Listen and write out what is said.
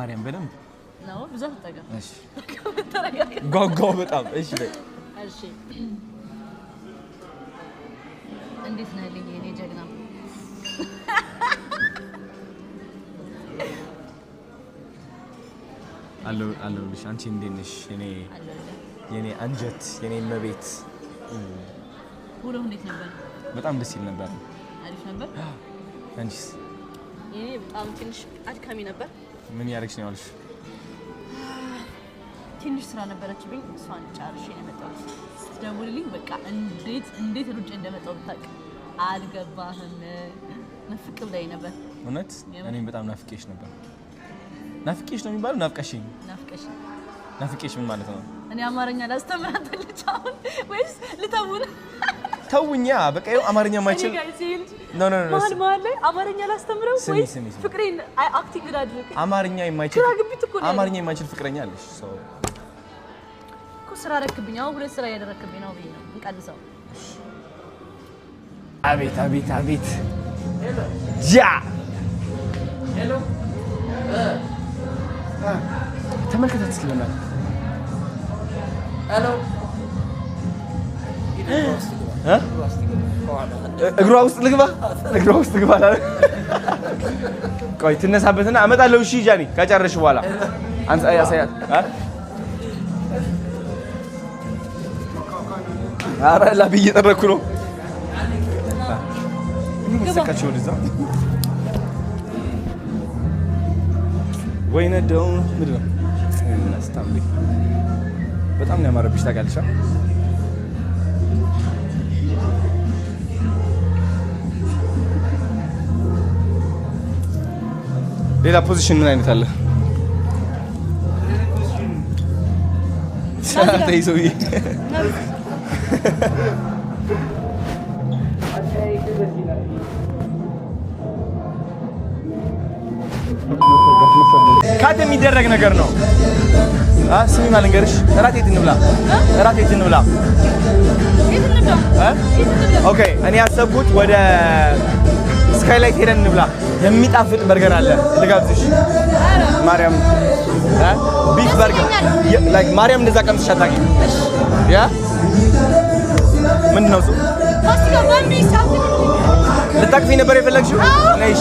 ማርያም በደንብ ነው ብዛት ተጠቀም። እሺ ጓጓው በጣም እሺ። ላይ እሺ። እንዴት ነህ ልጅ እኔ ጀግና? አለሁልሽ። አንቺ እንዴት ነሽ እኔ የኔ አንጀት የኔ መቤት? ሁሉ እንዴት ነበር? በጣም ደስ ይል ነበር። አሪፍ ነበር። አንቺስ? የኔ በጣም ትንሽ አድካሚ ነበር። ምን ያደረግሽ ነው ያልሽ? ትንሽ ስራ ነበረችብኝ። እሷን ጨርሼ ነው የመጣሁት። ስትደውልልኝ በቃ እንዴት እንዴት ሩጬ እንደመጣሁ ብታውቅ አልገባህም። ናፍቅ ብላኝ ነበር። እውነት እኔም በጣም ናፍቄሽ ነበር። ናፍቄሽ ነው የሚባለው? ናፍቀሽኝ። ናፍቀሽኝ። ናፍቄሽ ምን ማለት ነው? እኔ አማርኛ ላስተምራት ልቻውን ወይስ ልተውን? ተውኛ በቃ ይኸው አማርኛ ማይችል ኖ ኖ ኖ አማርኛ ላስተምረው ወይ ፍቅሬን አክቲንግ አማርኛ የማይችል አማርኛ የማይችል ፍቅረኛ አለሽ። ስራ ረክብኝ። አሁን ሁለት ስራ እያደረክብኝ ነው ብዬሽ ነው እንቀንሰው። አቤት አቤት አቤት ጃ ተመልከታት እስኪ እግሯ ውስጥ ልግባ፣ እግሯ ውስጥ ልግባ። ቆይ ትነሳበትና እመጣለሁ። እሺ ጃኒ፣ ከጨረሽ በኋላ ያሳያት። ላብ እየጠረኩ ነው። ሰካቸው ወደዛ ወይ ነው? በጣም ነው ያማረብሽ ሌላ ፖዚሽን ምን አይነት አለ? ካት የሚደረግ ነገር ነው። ስሚ ማልንገርሽ፣ እራት የት እንብላ? እራት የት እንብላ? ኦኬ፣ እኔ ያሰብኩት ወደ ስካይላይት ሄደን እንብላ የሚጣፍጥ በርገር አለ ልጋብዝሽ። ማርያም ቢፍ በርገር ላይክ ማርያም እንደዛ ቀምስሽ አታውቂም። ያ ምንድን ነው እሱ ልታቅፊ ነበር የፈለግሽው? ነይ